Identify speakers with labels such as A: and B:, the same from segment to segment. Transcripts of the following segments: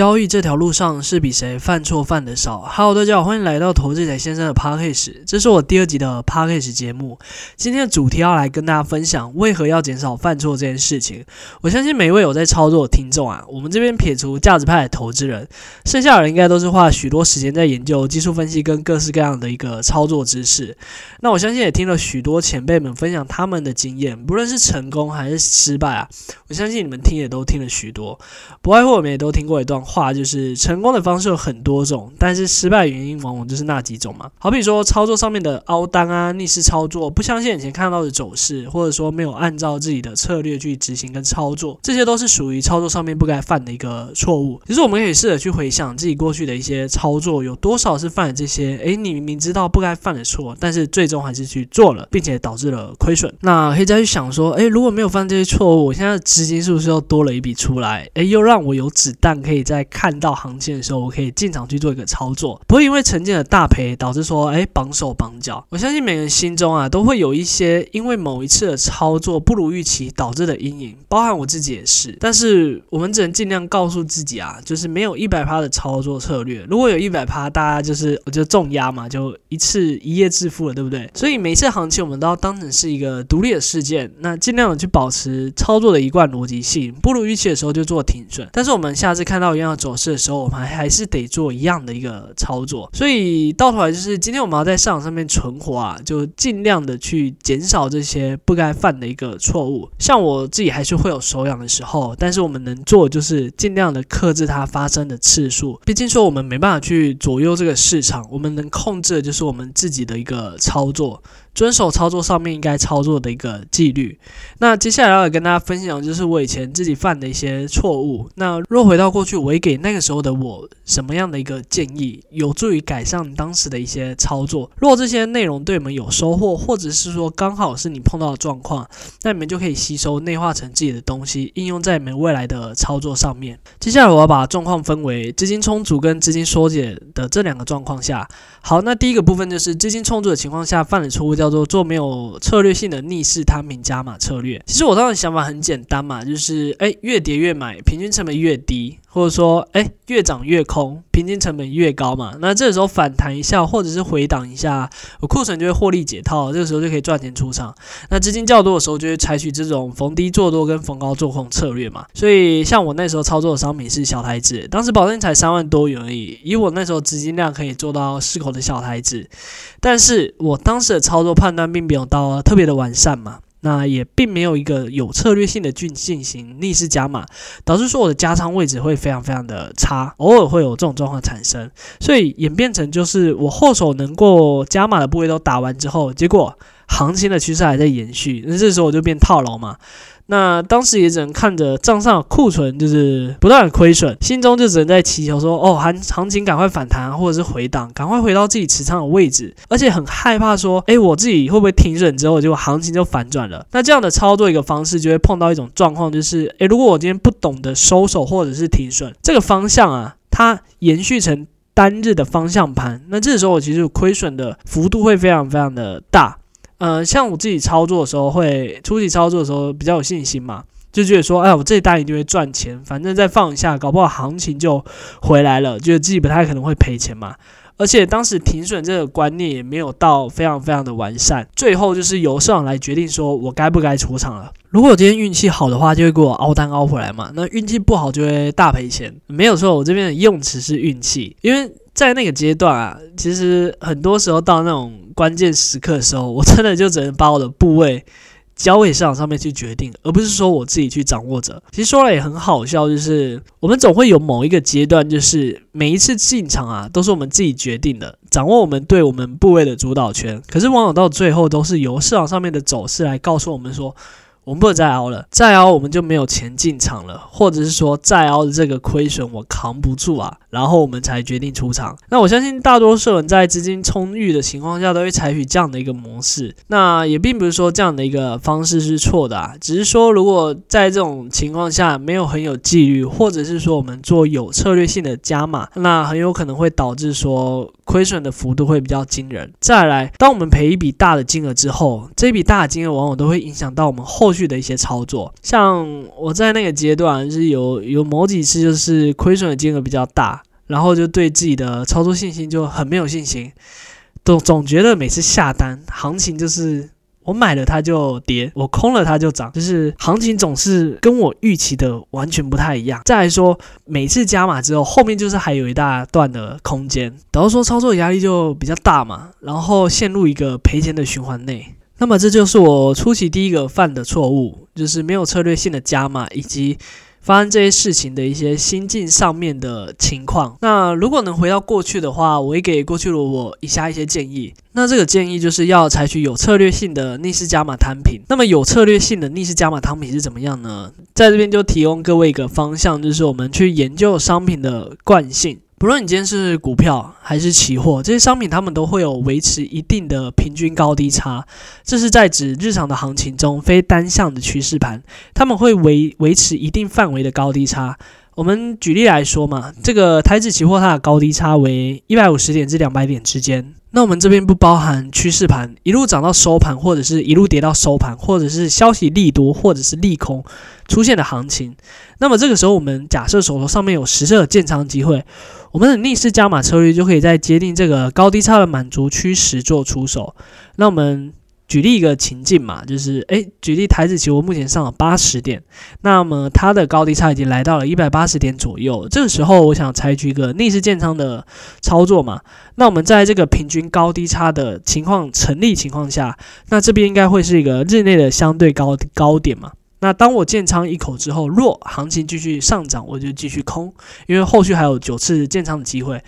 A: 交易這條路上是比誰犯錯犯得少。哈嘍，大家好，歡迎來到投資者先生的 Podcast，這是我第二集的 Podcast 節目。今天的主題要來跟大家分享，為何要減少犯錯這件事情。我相信每一位有在操作的聽眾啊，我們這邊撇除價值派的投資人，剩下的人應該都是花許多時間在研究技術分析跟各式各樣的一個操作知識。那我相信也聽了許多前輩們分享他們的經驗，不論是成功還是失敗啊，我相信你們聽也都聽了許多，不外乎我們也都聽過一段話。話就是成功的方式有很多種，但是失敗原因往往就是那幾種嘛。好比說操作上面的凹單啊、逆勢操作，不相信眼前看到的走勢，或者說沒有按照自己的策略去執行跟操作，這些都是屬於操作上面不該犯的一個錯誤。其實我們可以試着去回想自己過去的一些操作，有多少是犯了這些？哎，你明知道不該犯的錯，但是最終還是去做了，並且導致了虧損。那可以再去想說，哎，如果沒有犯這些錯誤，我現在資金是不是又多了一筆出來？哎，又讓我有子彈可以在。看到行情的時候，我可以進場去做一個操作，不會因為曾經的大賠導致說，哎，綁手綁腳。我相信每個人心中啊，都會有一些因為某一次的操作不如預期導致的陰影，包含我自己也是。但是我們只能儘量告訴自己啊，就是沒有一百趴的操作策略，如果有一百趴，大家就是我就重壓嘛，就一次一夜致富了，對不對？所以每次行情我們都要當成是一個獨立的事件，那儘量的去保持操作的一貫邏輯性，不如預期的時候就做停損。但是我們下次看到。要走勢的時候，我們還是得做一樣的一個操作，所以到頭來就是今天我們要在市場上面存活啊，就盡量的去減少這些不該犯的一個錯誤。像我自己還是會有手癢的時候，但是我們能做就是盡量的克制它發生的次數。畢竟說我們沒辦法去左右這個市場，我們能控制的就是我們自己的一個操作。遵守操作上面應該操作的一個紀律。那接下來要跟大家分享，就是我以前自己犯的一些錯誤。那若回到過去，我會給那個時候的我什麼樣的一個建議，有助於改善當時的一些操作？若這些內容對你們有收穫，或者是說剛好是你碰到的狀況，那你們就可以吸收、內化成自己的東西，應用在你們未來的操作上面。接下來我要把狀況分為資金充足跟資金縮減的這兩個狀況下。好，那第一個部分就是資金充足的情況下犯的錯誤。叫做做沒有策略性的逆勢攤平加碼策略。其實我當時想法很簡單嘛，就是誒、欸，越跌越買，平均成本越低。或者說，哎、欸，越漲越空，平均成本越高嘛。那這個時候反彈一下，或者是回檔一下，我庫存就會獲利解套，這個時候就可以賺錢出場。那資金較多的時候，就會採取這種逢低做多跟逢高做空策略嘛。所以，像我那時候操作的商品是小台指，當時保證才三萬多元而已，以我那時候資金量可以做到四口的小台指，但是我當時的操作判斷並沒有到特別的完善嘛。那也並沒有一個有策略性的去進行逆勢加碼，導致說我的加倉位置會非常非常的差，偶爾會有這種狀況產生，所以演變成就是我後手能夠加碼的部位都打完之後，結果行情的趨勢還在延續，那這時候我就變套牢嘛。那當時也只能看着賬上的庫存就是不斷的虧損，心中就只能在祈求說，哦，行行情趕快反彈啊，或者是回檔，趕快回到自己持倉的位置，而且很害怕說，哎，我自己會不會停損之後就行情就反轉了？那這樣的操作一個方式就會碰到一種狀況，就是，哎，如果我今天不懂得收手或者是停損，這個方向啊，它延續成單日的方向盤，那這時候我其實虧損的幅度會非常非常的大。嗯、呃，像我自己操作的時候，會初期操作的時候比較有信心嘛，就覺得說，哎，我這單一定會賺錢，反正再放一下，搞不好行情就回來了，覺得自己不太可能會賠錢嘛。而且當時停損這個觀念也沒有到非常非常的完善，最後就是由市場來決定說我該不該出場了。如果我今天運氣好的話，就會給我凹單凹回來嘛。那運氣不好就會大賠錢，嗯。沒有錯，我這邊的用詞是運氣，因為。在那個階段啊，其實很多時候到那種關鍵時刻的時候，我真的就只能把我的部位交給市場上面去決定，而不是說我自己去掌握着。其實說來也很好笑，就是我們總會有某一個階段，就是每一次進場啊，都是我們自己決定的，掌握我們對我們部位的主導權。可是往往到最後，都是由市場上面的走勢來告訴我們說。我們不能再熬了，再熬我們就沒有錢進場了，或者是說再熬的這個虧損我扛不住啊，然後我們才決定出場。那我相信大多數人在資金充裕的情況下都會採取這樣的一個模式，那也並不是說這樣的一個方式是錯的啊，只是說如果在這種情況下沒有很有紀律，或者是說我們做有策略性的加碼，那很有可能會導致說。虧損的幅度會比較驚人。再來，當我們賠一筆大的金額之後，這筆大的金額往往都會影響到我們後續的一些操作。像我在那個階段，是有有某幾次就是虧損的金額比較大，然後就對自己的操作信心就很沒有信心，總總覺得每次下單，行情就是。我買了它就跌，我空了它就漲，就是行情總是跟我預期的完全不太一樣。再來說，每次加碼之後，後面就是還有一大段的空間，導致說操作壓力就比較大嘛，然後陷入一個賠錢的循環內。那麼這就是我初期第一個犯的錯誤，就是沒有策略性的加碼以及。發生這些事情的一些心境上面的情況。那如果能回到過去的話，我也給過去的我以下一些建議。那這個建議就是要採取有策略性的逆勢加碼攤平。那麼有策略性的逆勢加碼攤平是怎麼樣呢？在這邊就提供各位一個方向，就是我們去研究商品的慣性。不論你今天是股票還是期貨，這些商品它們都會有維持一定的平均高低差。這是在指日常的行情中非單向的趨勢盤，他們會維維持一定範圍的高低差。我們舉例來說嘛，這個台指期貨它的高低差為一百五十點至兩百點之間。那我們這邊不包含趨勢盤一路漲到收盤，或者是一路跌到收盤，或者是消息利多或者是利空出現的行情。那麼這個時候，我們假設手頭上面有十次建倉機會，我們的逆勢加碼策略就可以在接近這個高低差的滿足區時做出手。那我們。舉例一個情境嘛，就是哎，舉例台指期，我目前上了八十點，那麼它的高低差已經來到了一百八十點左右。這個時候，我想採取一個逆勢建倉的操作嘛。那我們在這個平均高低差的情況成立情況下，那這邊應該會是一個日內的相對高高點嘛。那當我建倉一口之後，若行情繼續上漲，我就繼續空，因為後續還有九次建倉的機會。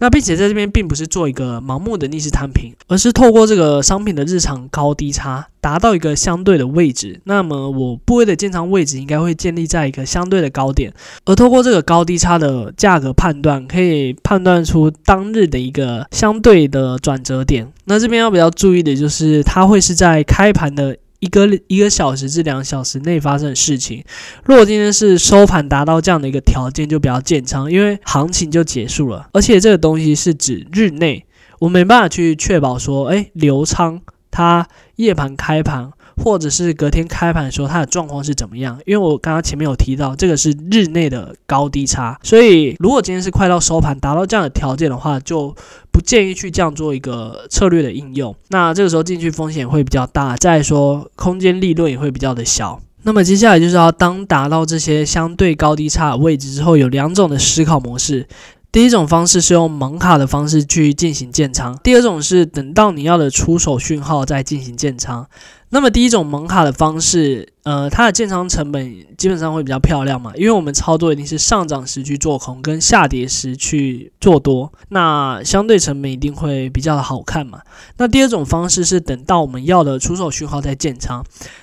A: 那並且在這邊並不是做一個盲目的逆勢攤平，而是透過這個商品的日常高低差達到一個相對的位置。那麼我部位的建倉位置應該會建立在一個相對的高點，而透過這個高低差的價格判斷，可以判斷出當日的一個相對的轉折點。那這邊要比較注意的就是，它會是在開盤的。一個一個小時至兩小時內發生的事情，如果今天是收盤達到這樣的一個條件，就比較建倉，因為行情就結束了。而且這個東西是指日內，我沒辦法去確保說，誒，留倉。它夜盤開盤，或者是隔天開盤的時候，它的狀況是怎麼樣？因為我剛剛前面有提到，這個是日內的高低差，所以如果今天是快到收盤達到這樣的條件的話，就不建議去這樣做一個策略的應用。那這個時候進去風險會比較大，再來說空間利潤也會比較的小。那麼接下來就是要當達到這些相對高低差的位置之後，有兩種的思考模式。第一種方式是用盲卡的方式去進行建倉，第二種是等到你要的出手訊號再進行建倉。那麼第一種蒙卡的方式，呃，它的建倉成本基本上會比較漂亮嘛，因為我們操作一定是上漲時去做空，跟下跌時去做多，那相對成本一定會比較的好看嘛。那第二種方式是等到我們要的出手訊號再建倉，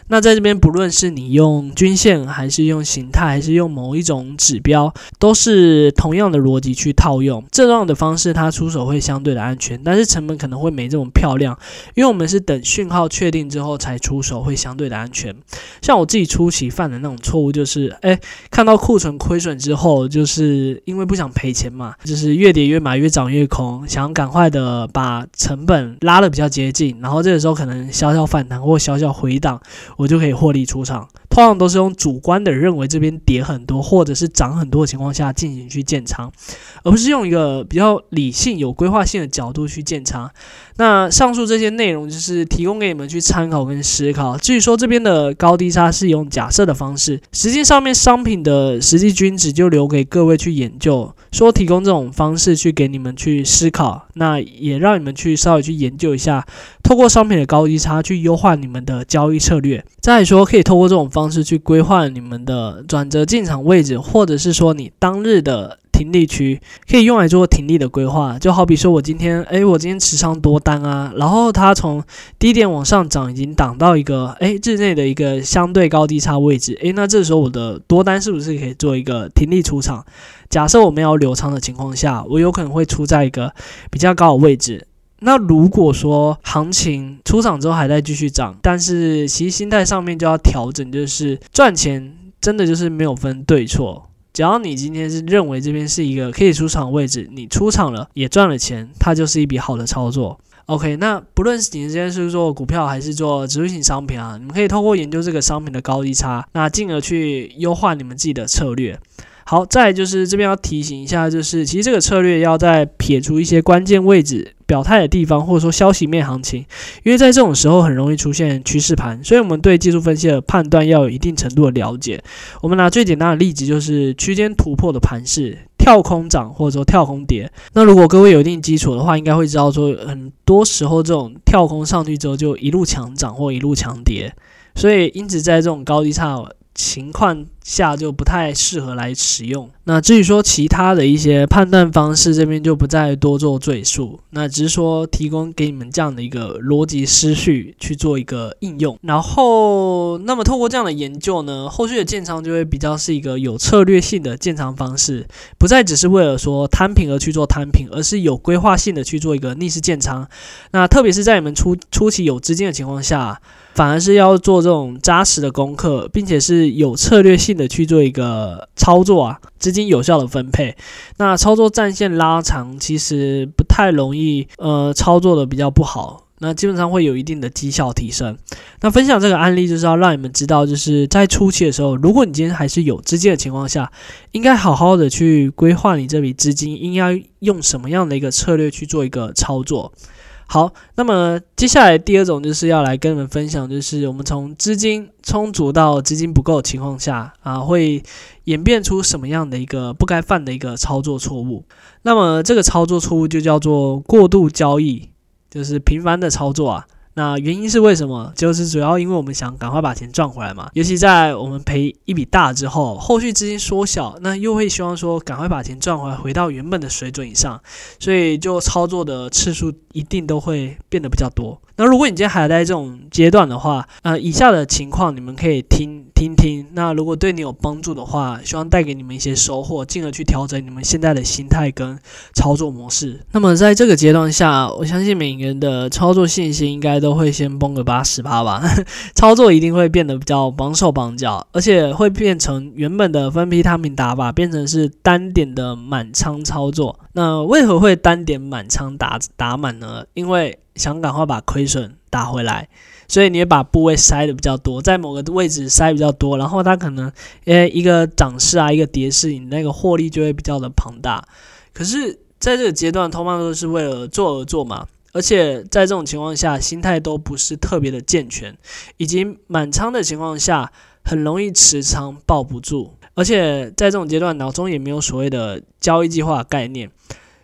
A: 那在這邊不論是你用均線，還是用形態，還是用某一種指標，都是同樣的邏輯去套用。這樣的方式它出手會相對的安全，但是成本可能會沒這麼漂亮，因為我們是等訊號確定之後才。出手會相對的安全，像我自己初期犯的那種錯誤，就是哎，看到庫存虧損之後，就是因為不想賠錢嘛，就是越跌越買，越漲越空，想趕快的把成本拉的比較接近，然後這個時候可能小小反彈或小小回檔，我就可以獲利出場。往往都是用主觀的認為這邊跌很多，或者是漲很多的情況下進行去建倉，而不是用一個比較理性、有規劃性的角度去建倉。那上述這些內容就是提供給你們去參考跟思考。至於說這邊的高低差是用假設的方式，實際上面商品的實際均值就留給各位去研究。說，提供這種方式去給你們去思考，那也讓你們去稍微去研究一下，透過商品的高低差去優化你們的交易策略。再來說，可以透過這種方式去規劃你們的轉折進場位置，或者是說你當日的停利區可以用來做停利的規劃，就好比說我今天，誒，我今天持倉多單啊，然後它從低點往上漲，已經漲到一個，誒日內的一個相對高低差位置，誒，那這時候我的多單是不是可以做一個停利出場？假設我們要留倉的情況下，我有可能會出在一個比較高的位置。那如果說行情出場之後還在繼續漲，但是其實心態上面就要調整，就是賺錢真的就是沒有分對錯。只要你今天是認為這邊是一個可以出場的位置，你出場了也賺了錢，它就是一筆好的操作。OK，那不論是你今天是做股票還是做指數型商品啊，你們可以透過研究這個商品的高低差，那進而去優化你們自己的策略。好，再來就是這邊要提醒一下，就是其實這個策略要在撇出一些關鍵位置。表態的地方，或者說消息面行情，因為在這種時候很容易出現趨勢盤，所以我們對技術分析的判斷要有一定程度的了解。我們拿最簡單的例子，就是區間突破的盤勢，跳空漲或者說跳空跌。那如果各位有一定基礎的話，應該會知道說，很多時候這種跳空上去之後就一路強漲或一路強跌，所以因此在這種高低差情況。下就不太適合來使用。那至於說其他的一些判斷方式，這邊就不再多做贅述。那只是說提供給你們這樣的一個邏輯思緒去做一個應用。然後，那麼透過這樣的研究呢，後續的建倉就會比較是一個有策略性的建倉方式，不再只是為了說攤平而去做攤平，而是有規劃性的去做一個逆勢建倉。那特別是在你們初初期有資金的情況下，反而是要做這種紮實的功課，並且是有策略性的的去做一個操作啊，資金有效的分配，那操作戰線拉長其實不太容易，呃，操作的比較不好，那基本上會有一定的績效提升。那分享這個案例就是要讓你們知道，就是在初期的時候，如果你今天還是有資金的情況下，應該好好的去規劃你這筆資金應該用什麼樣的一個策略去做一個操作。好，那麼接下來第二種就是要來跟你們分享，就是我們從資金充足到資金不夠的情況下啊，會演變出什麼樣的一個不該犯的一個操作錯誤？那麼這個操作錯誤就叫做過度交易，就是頻繁的操作啊。那原因是為什麼？就是主要因為我們想趕快把錢賺回來嘛，尤其在我們賠一筆大之後，後續資金縮小，那又會希望說趕快把錢賺回來，回到原本的水準以上，所以就操作的次數一定都會變得比較多。那如果你今天還在這種階段的話，那、呃、以下的情況你們可以聽聽聽。那如果對你有幫助的話，希望帶給你們一些收穫，進而去調整你們現在的心態跟操作模式。那麼在這個階段下，我相信每個人的操作信心應該都都會先崩個八十八吧呵呵，操作一定會變得比較綁手綁腳，而且會變成原本的分批攤平打法，變成是單點的滿倉操作。那為何會單點滿倉打打滿呢？因為想趕快把虧損打回來，所以你也把部位塞的比較多，在某個位置塞比較多，然後它可能誒一個漲勢啊，一個跌勢，你那個獲利就會比較的龐大。可是，在這個階段，通常都是為了做而做嘛。而且在這種情況下，心態都不是特別的健全，以及滿倉的情況下，很容易持倉抱不住。而且在這種階段，腦中也沒有所謂的交易計劃概念。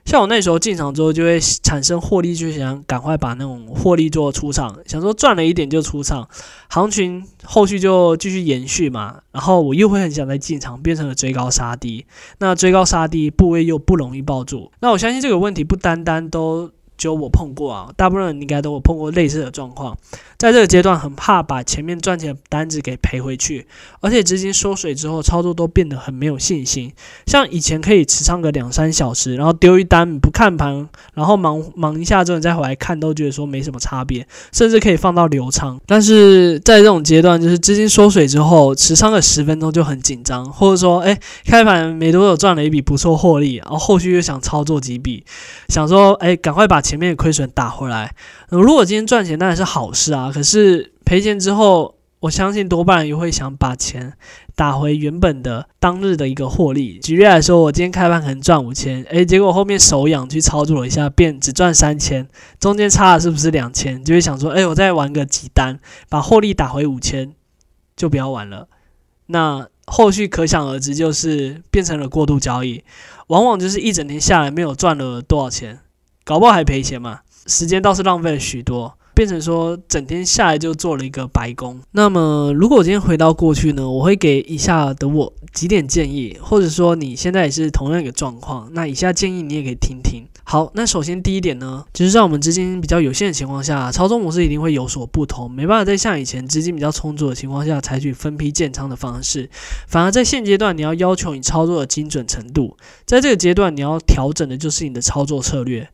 A: 像我那時候進場之後，就會產生獲利就想趕快把那種獲利做出場，想說賺了一點就出場，行情後續就繼續延續嘛。然後我又會很想再進場，變成了追高殺低。那追高殺低部位又不容易抱住。那我相信這個問題不單單都。就我碰過啊，大部分人應該都有碰過類似的狀況。在這個階段，很怕把前面賺錢的單子給賠回去，而且資金縮水之後，操作都變得很沒有信心。像以前可以持倉個兩三小時，然後丟一單不看盤，然後忙忙一下之後你再回來看，都覺得說沒什麼差別，甚至可以放到留倉。但是在這種階段，就是資金縮水之後，持倉個十分鐘就很緊張，或者說，哎，開盤沒多久賺了一筆不錯獲利，然後後續又想操作幾筆，想說，哎，趕快把錢，前面的虧損打回來，那如果今天賺錢，那當然是好事啊。可是賠錢之後，我相信多半又會想把錢打回原本的當日的一個獲利。舉例來說，我今天開盤可能賺五千，誒，結果後面手癢去操作了一下，變只賺三千，中間差的是不是兩千？就會想說，誒、欸，我再玩個幾單，把獲利打回五千，就不要玩了。那後續可想而知，就是變成了過度交易，往往就是一整天下來沒有賺了多少錢。搞不好還賠錢嘛，時間倒是浪費了許多。變成說，整天下來就做了一個白工。那麼，如果我今天回到過去呢，我會給以下的我幾點建議，或者說你現在也是同樣一個狀況，那以下建議你也可以聽聽。好，那首先第一點呢，就是在我們資金比較有限的情況下，操作模式一定會有所不同，沒辦法在像以前資金比較充足的情況下採取分批建倉的方式，反而在現階段你要要求你操作的精準程度，在這個階段你要調整的就是你的操作策略，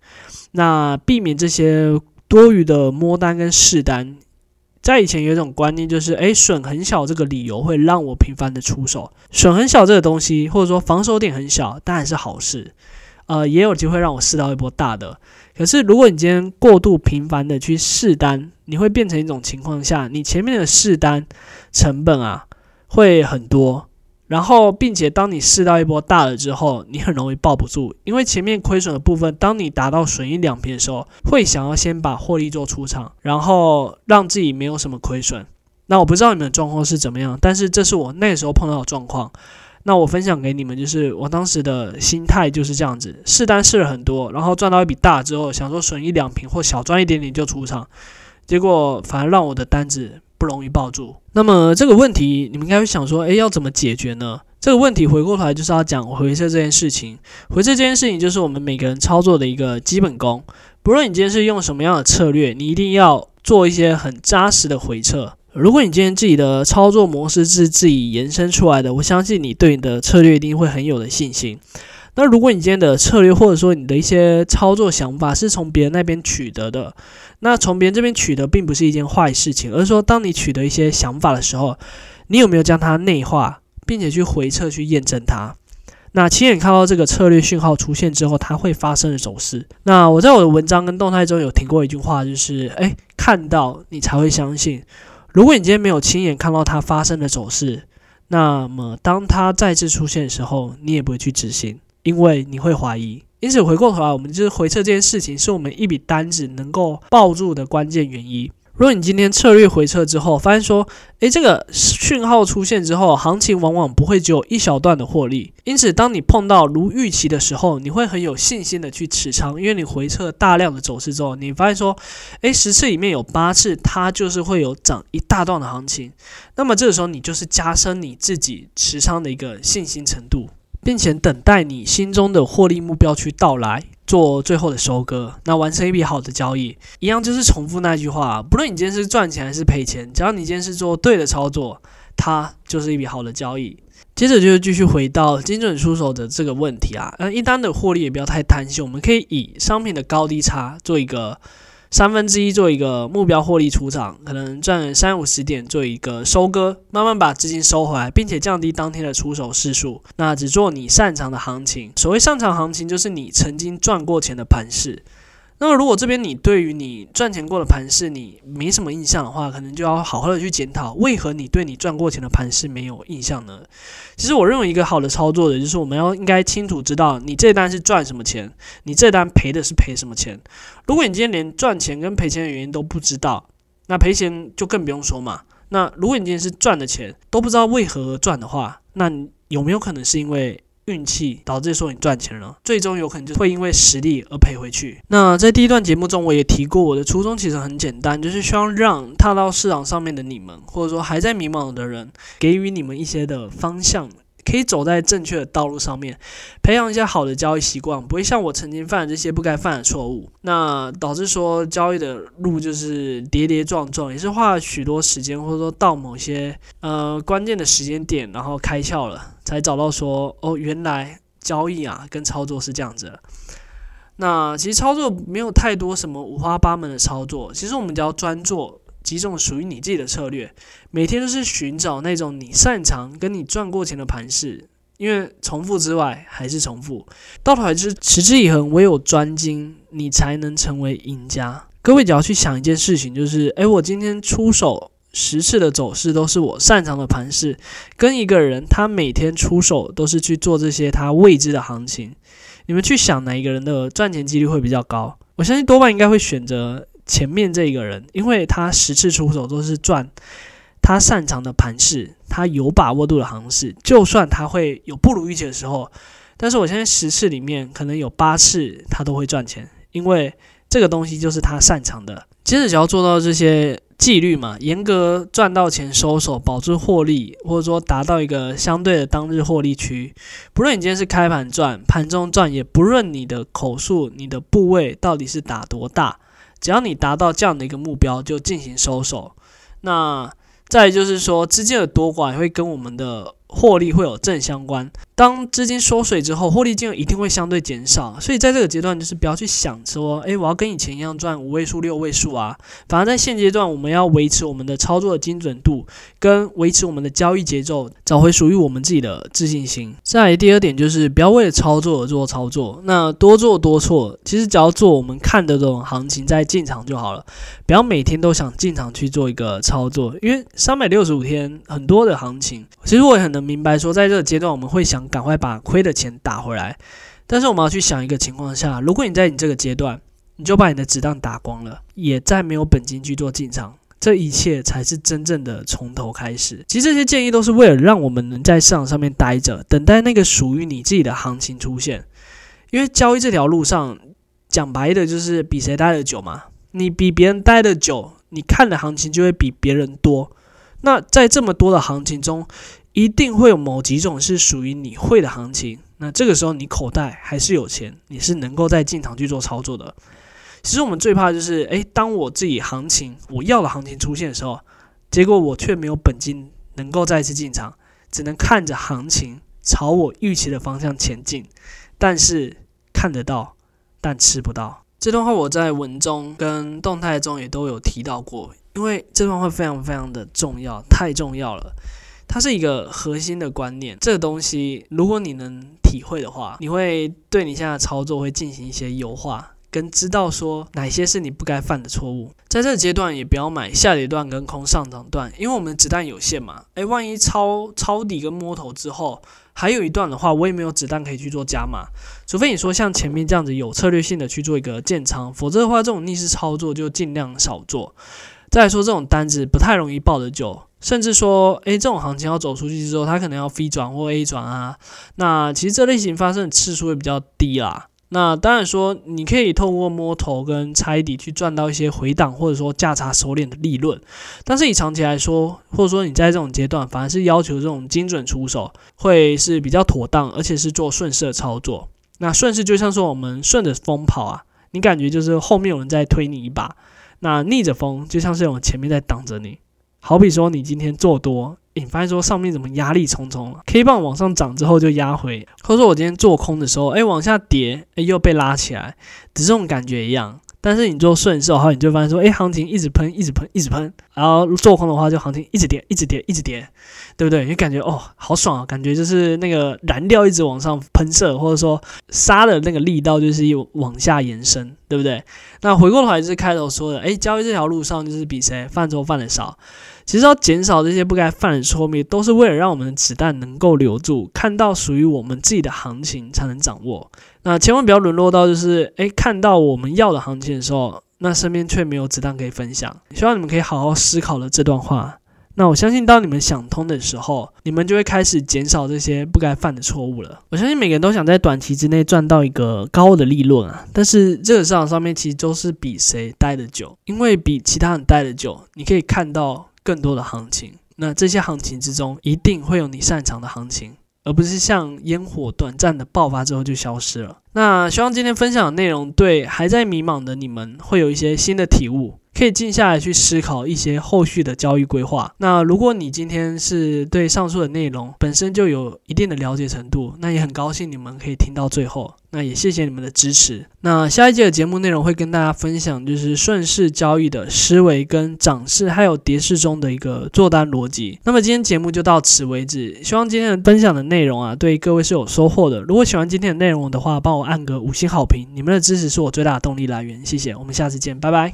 A: 那避免這些。多餘的摸單跟試單，在以前有一種觀念，就是哎，損很小這個理由會讓我頻繁的出手，損很小這個東西，或者說防守點很小，當然是好事，呃，也有機會讓我試到一波大的。可是如果你今天過度頻繁的去試單，你會變成一種情況下，你前面的試單成本啊會很多。然後，並且當你試到一波大的之後，你很容易抱不住，因為前面虧損的部分，當你達到損益兩平的時候，會想要先把獲利做出場，然後讓自己沒有什麼虧損。那我不知道你們的狀況是怎麼樣，但是這是我那時候碰到的狀況。那我分享給你們，就是我當時的心態就是這樣子，試單試了很多，然後賺到一筆大的之後，想說損益兩平或小賺一點點就出場，結果反而讓我的單子。不容易抱住。那麼這個問題，你們應該會想說，誒，要怎麼解決呢？這個問題回過頭來就是要講回測這件事情。回測這件事情，就是我們每個人操作的一個基本功。不論你今天是用什麼樣的策略，你一定要做一些很紮實的回測。如果你今天自己的操作模式是自己延伸出來的，我相信你對你的策略一定會很有的信心。那如果你今天的策略或者說你的一些操作想法是從別人那邊取得的，那從別人這邊取得並不是一件壞事情，而是說，當你取得一些想法的時候，你有沒有將它內化，並且去回測去驗證它？那親眼看到這個策略訊號出現之後，它會發生的走勢。那我在我的文章跟動態中有提過一句話，就是：誒，看到你才會相信。如果你今天沒有親眼看到它發生的走勢，那麼當它再次出現的時候，你也不會去執行，因為你會懷疑。因此，回過頭來，我們就是回測這件事情，是我們一筆單子能夠抱住的關鍵原因。如果你今天策略回測之後，發現說，哎，這個訊號出現之後，行情往往不會只有一小段的獲利。因此，當你碰到如預期的時候，你會很有信心的去持倉，因為你回測大量的走勢之後，你發現說，哎，十次裡面有八次，它就是會有漲一大段的行情。那麼這個時候，你就是加深你自己持倉的一個信心程度。並且等待你心中的獲利目標去到來，做最後的收割。那完成一筆好的交易，一樣就是重複那句話：不論你今天是賺錢還是賠錢，只要你今天是做對的操作，它就是一筆好的交易。接着就是繼續回到精準出手的這個問題啊。那一單的獲利也不要太貪心，我們可以以商品的高低差做一個。三分之一做一個目標獲利出場，可能賺三五十點做一個收割，慢慢把資金收回來，並且降低當天的出手次數。那只做你擅長的行情，所謂擅長行情，就是你曾經賺過錢的盤勢。那麼，如果這邊你對於你賺錢過的盤勢你沒什麼印象的話，可能就要好好的去檢討，為何你對你賺過錢的盤勢沒有印象呢？其實我認為一個好的操作的，就是我們要應該清楚知道你這單是賺什麼錢，你這單賠的是賠什麼錢。如果你今天連賺錢跟賠錢的原因都不知道，那賠錢就更不用說嘛。那如果你今天是賺的錢都不知道為何而賺的話，那你有沒有可能是因為？運氣導致說你賺錢了，最終有可能就會因為實力而賠回去。那在第一段節目中，我也提過我的初衷其實很簡單，就是希望讓踏到市場上面的你們，或者說還在迷茫的人，給予你們一些的方向，可以走在正確的道路上面，培養一些好的交易習慣，不會像我曾經犯的這些不該犯的錯誤。那導致說交易的路就是跌跌撞撞，也是花了許多時間，或者說到某些呃關鍵的時間點，然後開竅了。才找到說哦，原來交易啊，跟操作是這樣子的。那其實操作沒有太多什麼五花八門的操作，其實我們只要專做幾種屬於你自己的策略，每天都是尋找那種你擅長跟你賺過錢的盤勢。因為重複之外還是重複，到頭來還是持之以恆，唯有專精，你才能成為贏家。各位只要去想一件事情，就是誒，我今天出手。十次的走勢都是我擅長的盤勢，跟一個人他每天出手都是去做這些他未知的行情，你們去想哪一個人的賺錢幾率會比較高？我相信多半應該會選擇前面這一個人，因為他十次出手都是賺他擅長的盤勢，他有把握度的行勢，就算他會有不如預期的時候，但是我相信十次裡面可能有八次他都會賺錢，因為這個東西就是他擅長的。接着只要做到這些。紀律嘛，嚴格賺到錢收手，保住獲利，或者說達到一個相對的當日獲利區。不論你今天是開盤賺、盤中賺，也不論你的口數，你的部位到底是打多大，只要你達到這樣的一個目標，就進行收手。那再來就是說，之間的多寡會跟我們的。獲利會有正相關，當資金縮水之後，獲利金額一定會相對減少，所以在這個階段就是不要去想說，哎，我要跟以前一樣賺五位數、六位數啊。反而在現階段，我們要維持我們的操作的精準度，跟維持我們的交易節奏，找回屬於我們自己的自信心。再來第二點就是，不要為了操作而做操作，那多做多錯。其實只要做我們看的這種行情再進場就好了，不要每天都想進場去做一個操作，因為三百六十五天很多的行情，其實我也很。能明白說，在這個階段，我們會想趕快把虧的錢打回來。但是，我們要去想一個情況下，如果你在你這個階段，你就把你的子彈打光了，也再沒有本金去做進場，這一切才是真正的從頭開始。其實，這些建議都是為了讓我們能在市場上面待着，等待那個屬於你自己的行情出現。因為交易這條路上，講白的就是比誰待得久嘛。你比別人待得久，你看的行情就會比別人多。那在這麼多的行情中，一定會有某幾種是屬於你會的行情，那這個時候你口袋還是有錢，你是能夠再進場去做操作的。其實我們最怕的就是，誒，當我自己行情我要的行情出現的時候，結果我卻沒有本金能夠再次進場，只能看着行情朝我預期的方向前進，但是看得到但吃不到。這段話我在文中跟動態中也都有提到過，因為這段話非常非常的重要，太重要了。它是一個核心的觀念，這個東西如果你能體會的話，你會對你現在的操作會進行一些優化，跟知道說哪些是你不該犯的錯誤。在這個階段也不要買下跌段跟空上漲段，因為我們子彈有限嘛。誒，萬一抄抄底跟摸頭之後還有一段的話，我也沒有子彈可以去做加碼，除非你說像前面這樣子有策略性的去做一個建倉，否則的話這種逆勢操作就盡量少做。再說這種單子不太容易抱得久，甚至說，誒，這種行情要走出去之後，它可能要 V 轉或 A 轉啊。那其實這類型發生的次數會比較低啦。那當然說，你可以透過摸頭跟拆底去賺到一些回檔或者說價差收斂的利潤。但是以長期來說，或者說你在這種階段，反而是要求這種精準出手會是比較妥當，而且是做順勢的操作。那順勢就像說我們順着風跑啊，你感覺就是後面有人在推你一把。那逆着風就像是有前面在擋着你，好比說你今天做多，你發現說上面怎麼壓力重重了，K 棒往上漲之後就壓回，或者說我今天做空的時候，哎往下跌，哎又被拉起來，只是這種感覺一樣。但是你做順勢，然後你就發現說，哎、欸，行情一直噴，一直噴，一直噴。然後做空的話，就行情一直跌，一直跌，一直跌，對不對？你感覺哦，好爽啊！感覺就是那個燃料一直往上噴射，或者說殺的那個力道就是又往下延伸，對不對？那回過頭來就是開頭說的，哎、欸，交易這條路上就是比誰犯錯犯的少。其實要減少這些不該犯的錯誤，都是為了讓我們的子彈能夠留住，看到屬於我們自己的行情才能掌握。那千萬不要淪落到就是，誒，看到我們要的行情的時候，那身邊卻沒有子彈可以分享。希望你們可以好好思考了這段話。那我相信，當你們想通的時候，你們就會開始減少這些不該犯的錯誤了。我相信每個人都想在短期之內賺到一個高的利潤啊，但是這個市場上面其實都是比誰待得久，因為比其他人待得久，你可以看到更多的行情，那這些行情之中一定會有你擅長的行情，而不是像煙火短暫的爆發之後就消失了。那希望今天分享的內容，對還在迷茫的你們會有一些新的體悟。可以靜下來去思考一些後續的交易規劃。那如果你今天是對上述的內容本身就有一定的了解程度，那也很高興你們可以聽到最後。那也謝謝你們的支持。那下一期的節目內容會跟大家分享，就是順勢交易的思維、跟漲勢還有跌勢中的一個做單邏輯。那麼今天節目就到此為止。希望今天的分享的內容啊，對各位是有收穫的。如果喜歡今天的內容的話，幫我按個五星好評。你們的支持是我最大的動力來源。謝謝，我們下次見，拜拜。